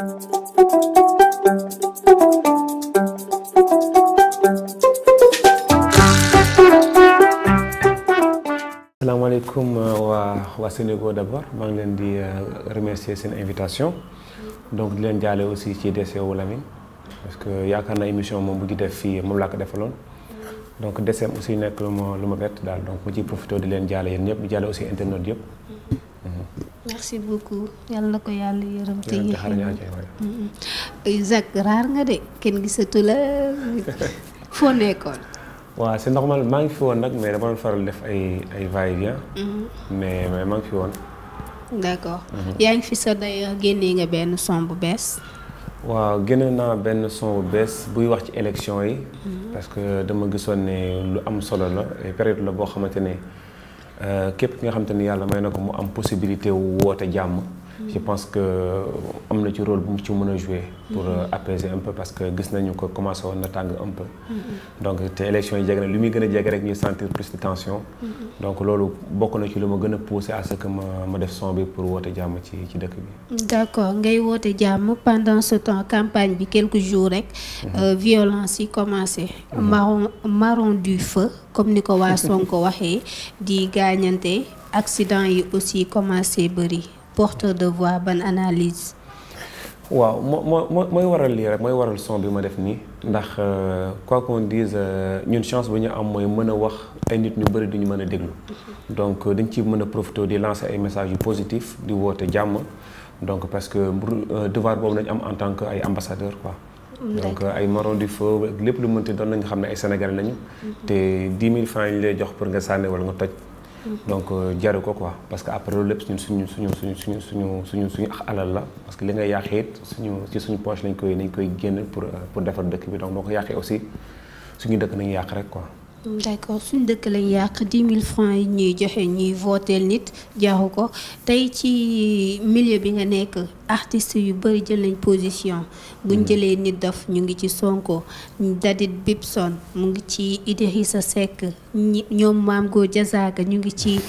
asalaamaaleykum euh, waa waa Sénégal d'abord maa ngi leen di euh, remercier seen invitation donc di leen jaale aussi ci décès wu Lamine parce que yaakaar na émission moom bu ñu def fii moom laa ko defaloon donc décès aussi nekk lu ma lu ma bett daal donc ma ciy profité di leen jaale yéen ñëpp di jaale aussi internet yëpp. merci beaucoup yàlla na ko yàlla yërëm te Isaac raar nga de kenn gisatu la foo nekkoon. waaw c'est normal maa ngi fi woon nag mais dama doon faral def ay ay va-et-vient mm-hmm. mais maa ngi fi woon. d'accord mm-hmm. yaa ngi fi sa d'ailleurs génnee nga benn son bees. waaw génne naa benn son bu bees buy wax ci élection yi. Mm-hmm. parce que dama gisoon ne lu am solo la période la boo xamante ne. Euh, képp ki nga xam te ni yàlla may na ko mu am possibilité wu woote jàmm je pense que euh, am na ci rôle bu ci mën a jouer pour euh, apaiser un peu parce que gis nañu ko commencé woon na tàng un peu mm-hmm. donc te élection yi jege na li muy gën a jege rek ñuy sentir plus de tension mm-hmm. donc loolu bokk na ci lu ma gën a poussé à ce que ma ma def son bi pour woote jàmm ci ci dëkk bi d'accord ngay woote jàmm pendant ce temps campagne bi quelques jour rek mm-hmm. euh, violence yi commencé marron maron du feu comme ni ko waa Sonko waxee di gaañante accident yi aussi commencé bëri porteur de voix ban analyse. waaw moo moo mooy waral lii rek mooy waral son bi ma def nii ndax euh, quoi qu'on dise euh, ñun chance bu ñu am mooy mën a wax ay nit ñu bëri duñu mën a déglu donc euh, dañ ci mën a profité di lancer ay messages yu positif di woote jàmm donc parce que devoir boobu nañ am en tant que ay ambassadeur quoi mm, donc ay marron du feu lépp lu mënti doon nañ xam ne ay sénégal lañu mm-hmm. te 10 000 francs ñu lay jox pour nga sànne wala nga toj donc euh, jaru ko quoi parce que après loolu lépp suñu suñu suñu suñu suñu suñu suñu alal la parce que li nga yàqee it suñu ci suñu poche lañ koy lañ koy génn pour euh, pour defar dëkk bi donc boo ko yàqee aussi suñu dëkk nañu yàq rek quoi. d'accord suñ dëkk lañ yàq dix mille francs yi ñuy joxe ñuy vooteel nit jaxu ko tey ci milieu bi nga nekk artiste yu bëri jël position buñ mm. jëlee nit daf ñu ngi ci Sonko Dadit Bibson mu ngi ci Idrissa Seck ñoom maam Gor Diazaka ñu ngi ci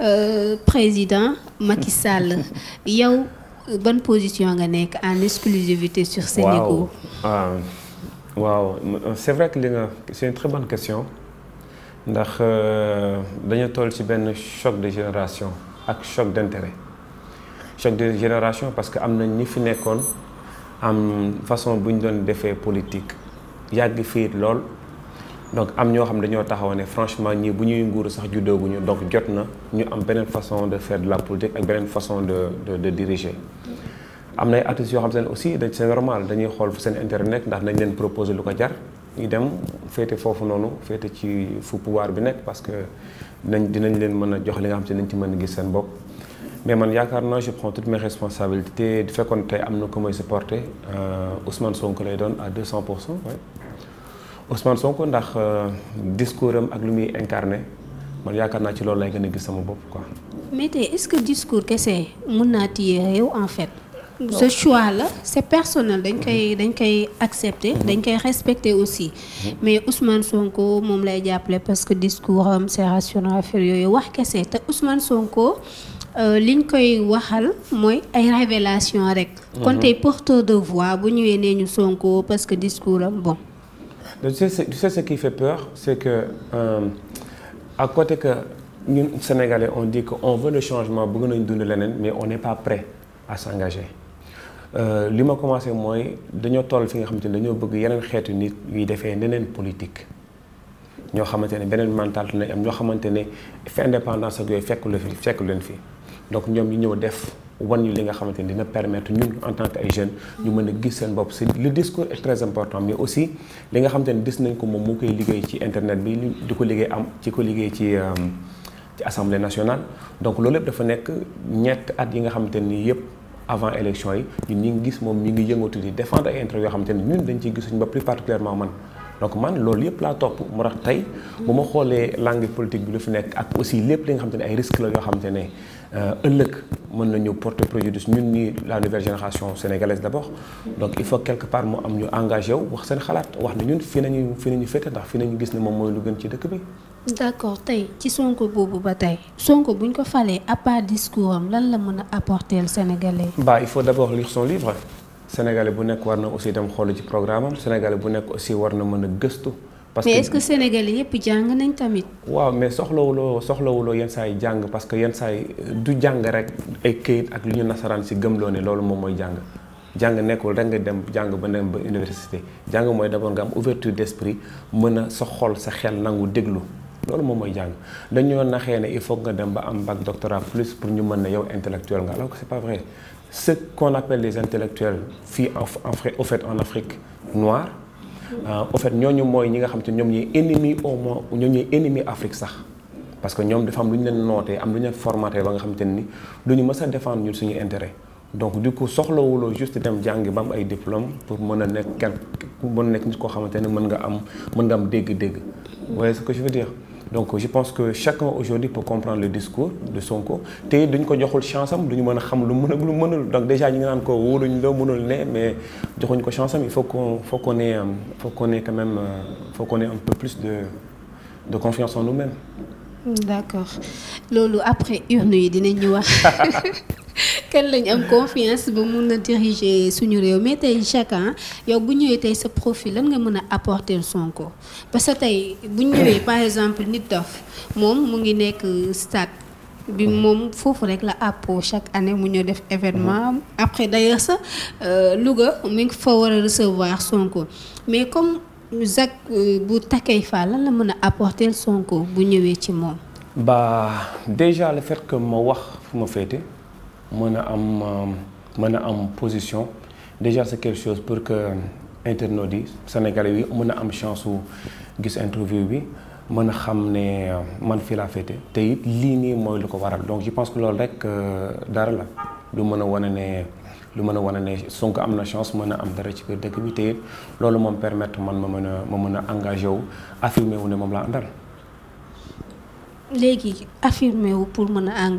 euh, président Macky Sall yow ban position nga nekk en exclusivité sur Sénégal euh, waaw c'est vrai que li ndax euh, dañu toll ci benn choc de génération ak choc d'intérêt choc de génération parce que am na ñi fi nekkoon am façon bu ñu doon defee politique yàgg fii lool donc am ñoo xam dañoo taxaw ne franchement ñii bu ñuy nguuru sax juddooguñu donc jot na ñu am beneen façon de faire de la politique ak beneen façon de de de diriger. am na ay artistes yoo xam ne aussi dañ c'est normal dañuy xool fu seen intérêt ndax nañ leen proposer lu ko jar. ñu dem féete foofu noonu féete ci fu pouvoir bi nekk parce que dinañ dinañ leen mën a jox li nga xam te nañ ci mën a gis seen bopp mais man yaakaar naa je prends toutes mes responsabilités te fekkoon tey am na ko mooy supporté euh, Ousmane Sonko lay doon à 200 pour cent waay Ousmane Sonko ndax euh, discours am ak lu muy incarné man yaakaar naa ci loolu lay gën a gis sama bopp quoi. mais tey est discours kese mën naa téye réew en fait. ce choix la c'est personnel dañ mm-hmm. koy dañ koy accepter dañ mm-hmm. koy respecter aussi mm-hmm. mais Ousmane Sonko moom lay jàppale parce que discours am c'est rationnel yooyu wax kese te ousman Sonko euh, liñ koy waxal mooy ay révélation rek. kon tey porteur de voix bu ñëwee nee ñu Sonko parce que discours am bon. tu sais tu sais ce qui fait peur c'est que euh, à côté que ñun Sénégalais on dit que on veut le changement bëgg nañ dund leneen mais on n'est pas prêt à s'engager. Euh, li ma commencé mooy dañoo toll fi nga xamante ne dañoo bëgg yeneen xeetu nit yuy defee neneen politique ñoo xamante ne beneen mentalité nañ am ñoo xamante ne fi indépendance fekk la fi fekk leen fi donc ñoom ñu ñëw def wan ñu li nga xamante ne dina permettre ñun en tant que ay jeunes ñu mën a gis seen bopp si lu discours est très important mais aussi li nga xamante ne gis nañ ko moom moo koy liggéey ci internet bi di ko liggéey am ci ko liggéey ci euh, ci assemblée nationale donc loolu yëpp dafa nekk ñett at yi nga xamante ni yëpp avant élection yi ñun ñi ngi gis moom ñu ngi yëngatu di défendre ay intérêt yoo xamante ne ñun dañ ciy gisuñ ba plus particulièrement man donc man loolu yëpp laa topp moo tax tey bu ma xoolee langue politique bi lu fi nekk ak aussi lépp li nga xamante ne ay risque la yoo xamante ne euh, ëllëg mën nañu porte préjudice ñun ñii la nouvelle génération sénégalaise d'abord donc il faut quelque part mu am ñu engagé wu wax seen xalaat wax na ñun fi nañu fi nañu féete ndax fi nañu gis ne moom mooy lu gën ci dëkk bi d'accord tey ci Sonko boobu ba tey Sonko buñ ko falee à part discours am lan la mën a apporter Sénégalais. bah il faut d'abord lire son livre Sénégalais bu nekk war na aussi dem xool ci programme am bu nekk aussi war na mën a gëstu. parce mais que mais ce que Sénégalais yépp jàng nañ tamit. waaw mais soxlawuloo soxlawuloo yenn saa yi jàng parce que yenn saa yi du jàng rek ay këyit ak lu ñu nasaraan si gëmloo ne loolu moom mooy jàng. jàng nekkul rek nga dem jàng ba dem ba université jàng mooy d'abord nga am ouverture d'esprit mën a sa xol sa xel nangu déglu. loolu moom mooy jàng dañoo naxee ne il faut nga dem ba am bac doctorat plus pour ñu mën ne yow intellectuel nga alors que c'est pas vrai ce qu'on appelle les intellectuels fii en fait en Afrique noire euh, au fait ñu mooy ñi nga xam te ñoom ñuy ennemi au moins ñoom ñuy ennemi Afrique sax parce que ñoom dafa am lu ñu leen nootee am lu ñu leen formaté ba nga xam te ni du ñu mës a défendre ñun suñu intérêt donc du coup soxlawuloo juste dem jàngi ba am ay diplôme pour mën a nekk kenn mën a nekk nit koo xamante ne mën nga am mën am dégg-dégg. vous donc je pense que chaque aujourd'hui peut comprendre le discours de Sonko te duñ ko joxul chance am duñu mën a xam lu mën ak lu mënul donc déjà ñu ngi naan ko wóoruñ la mënul ne mais joxuñ ko chance am il faut qu'on faut qu'on ait euh, faut qu'on ait quand même euh, faut qu'on ait un peu plus de de confiance en nous-mêmes. d'accord loolu après urne yi dinañu wax. kan lañ am confiance ba mun a diriger suñu réew mais tey chacun yow bu ñëwee tey sa profil lan nga mën a apporter Sonko parce que tey bu ñëwee par exemple nit dof moom mu ngi nekk stade bi moom foofu rek la àppo chaque année mu ñëw def événement après d'ailleurs sax euh, Louga mu ngi war a Sonko mais comme Zac euh, bu Takei lan la mën a apporter Sonko bu ñëwee ci moom. ba déjà le fait que ma wax fu ma féete. mën a am euh, mën a am position déjà c'est quelque chose pour que euh, internautes yi sénégalais yi mën a am chance su gis interview bi mën a xam ne euh, man fii laa féete te lii nii mooy lu ko waral donc je pense que loolu rek dara la lu mën a wane ne lu mën a wane ne sonk am na chance mën a am dara ci biir dëkk bi te loolu moom permettre man ma mën a ma mën a engagé wu affirmé wu ne moom laa àndal. léegi affirmé wu pour mën a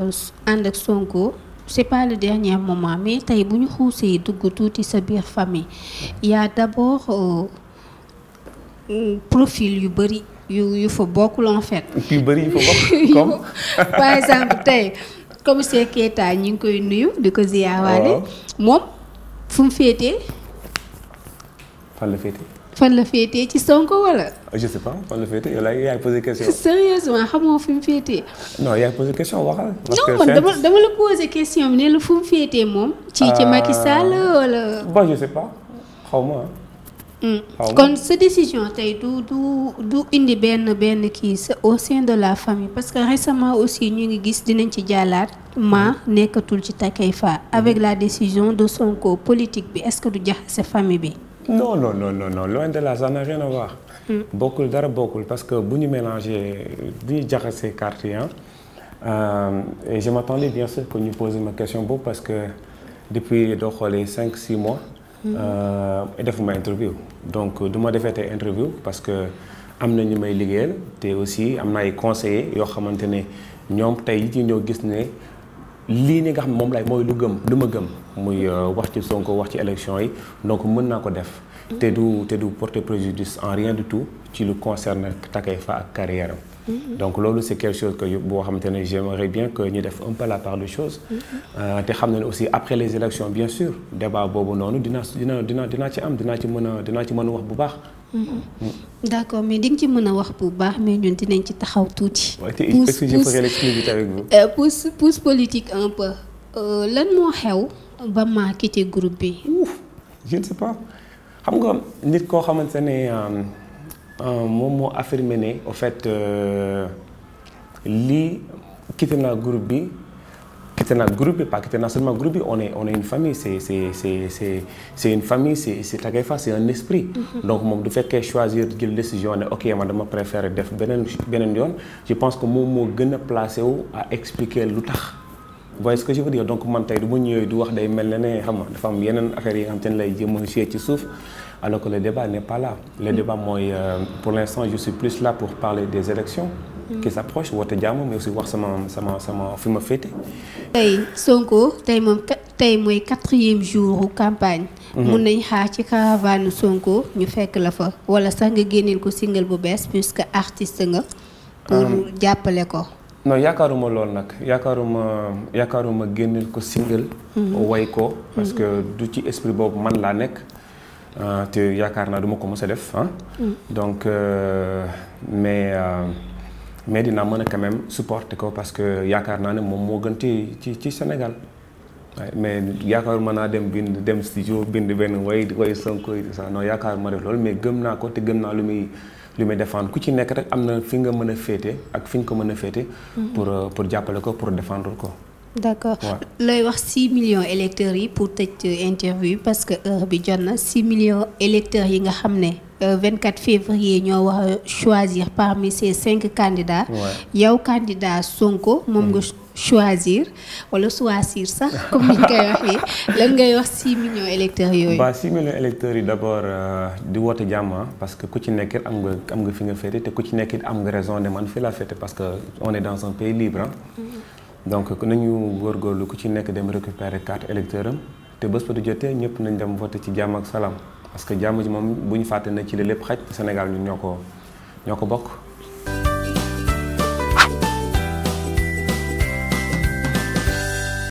ànd ak Sonko. c'est pas le dernier moment mais tey bu ñu xuusee dugg tuuti sa biir famille y a euh, profil yu bëri yu fa bokkul en fait. yu bëri yu fa bokk comme. par exemple tey commissaire Keita ñu ngi koy nuyu di ko ziyaawaale. moom fu mu féetee. fan féetee. fan la féetee ci Sonko wala. je sais pas fan la féetee yow laay yaay posé question. sérieusement xamoo fi mu féetee. yaay posé question waxal. parce que non moom. ci ci Macky Sall wala. Euh, hmm. xaw ma kon sa décision tey du du du indi benn benn kii sa au sein de la famille parce que récemment aussi ñu ngi gis dinañ ci jàllaat ma nekkatul ci Takeifa avec hmm. la décision de Sonko politique bi est-ce que du jaxase famille bi. non non non non non loin de là ça n'a rien à voir. Mm. bokkul dara bokkul parce que bu ñu mélangé bu ñu jaxasee cartes yi ah, euh, et je m'attendais bien sûr que ñu poser ma question boobu parce que depuis doo xoolee cinq six mois. Mm. Euh, defuma interview. donc du ma defee tey interview parce que am na ñu may liggéeyal te aussi am na ay conseillers yoo xamante ne ñoom tey yi ci ñëw gis ne. lii ni nga xam ne moom lay mooy lu gëm lu ma gëm muy euh, wax ci Sonko wax ci élection yi donc mën naa ko def te du te du porter préjudice en rien de tout ci lu concerne Takeifa ak carrière Mm-hmm. donc loolu c' quelque chose que boo xamante ne j'aimerais bien que ñu def un la part de chose mm-hmm. euh, te xam na aussi après les élections bien sûr débat boobu noonu dina dina dina dinaa ci am dinaa ci mën a dinaa ci mën a wax bu baax mm-hmm. mm. d' accord mais di nga ci mën a wax bu baax mais ñun dinañ ci taxaw tuuti pousse euh, pousse pousse politique un peu euh, lan moo xew ba maa quitté groupe bi je ne sais pas xam nga nit koo xamante ne Euh, moom moo affirmé ne au fait euh, lii quitté naa groupe bi quitté naa groupe bi pas quitté naa seulement group bi on est on est une famille c'est c'est c'est c'est c'est une famille c'est c'est Takeifa c'est un esprit mhm. donc moom du fekkee choisir jël décision ne ok man dama préférer def beneen beneen yoon je pense que moom moo gën a placé wu à expliquer lu tax boo voyez ce que je veux dire donc man tey du ma ñëwee du wax day mel ne ne xam nga dafa am yeneen affaires yi nga xam te lay jéem ci suuf alors que le débat n'est pas le mm. débat mooy euh, pour l'instant je plus là pour parler des élections mm. qui s'approchent woote jàmm mais aussi wax sama sama sama fi ma féete tey Sonko tey moom tey mooy quatrième jour campagne mm-hmm. mun nañ xaar ci caravane Sonko ñu fekk la fa wala sax nga génneel ko single bu bees puisque artiste nga pour um, jàppale ko non yaakaaruma loolu nag yaakaaruma yaakaaruma génneel ko single. Mhm. woy ko parce mhm. que du ci esprit boobu man laa nekk. Ah, te yaakaar naa duma ko mës a def ah. Mhm. donc euh, mais euh, mais dinaa mën a quand même ko parce que yaakaar naa ne moom moo gën ci ci ci Sénégal. waaye mais yaakaaruma naa dem bind dem studio bind benn way way Sonko yi sax non yaakaaruma def loolu mais gëm naa ko te gëm naa lu muy. li muy défendre ku ci nekk rek am na fi nga mën a féete ak fi ñu ko mën a féete. Mm-hmm. pour euh, pour jàppale ko pour défendre ko. d' accord looy wax six millions électeurs yi pour tëj euh, interview parce que heure bi jot na 6 millions électeurs yi nga xam ne 24 euh, février ñoo wax a choisir parmi ces cinq candidats. yow candidat Sonko moom nga. Mm. choisir wala choisir sax comme ni ñu koy waxee lan ngay wax 6 millions yooyu. waaw 6 millions yi d' abord euh, di woote jàmm ah, parce que ku ci nekk am nga am nga fi nga féete te ku ci nekk am nga raison ne man fi laa féete parce que on est dans un pays libre ah. Mm-hmm. donc nañu góorgóorlu ku ci nekk dem récupérer carte électeur am te bés ba du jotee ñëpp nañ dem voté ci jàmm ak salaam parce que jàmm ji moom bu ñu fàtte na ci la lépp xaj Sénégal ñun ñoo ko ñoo ko bokk.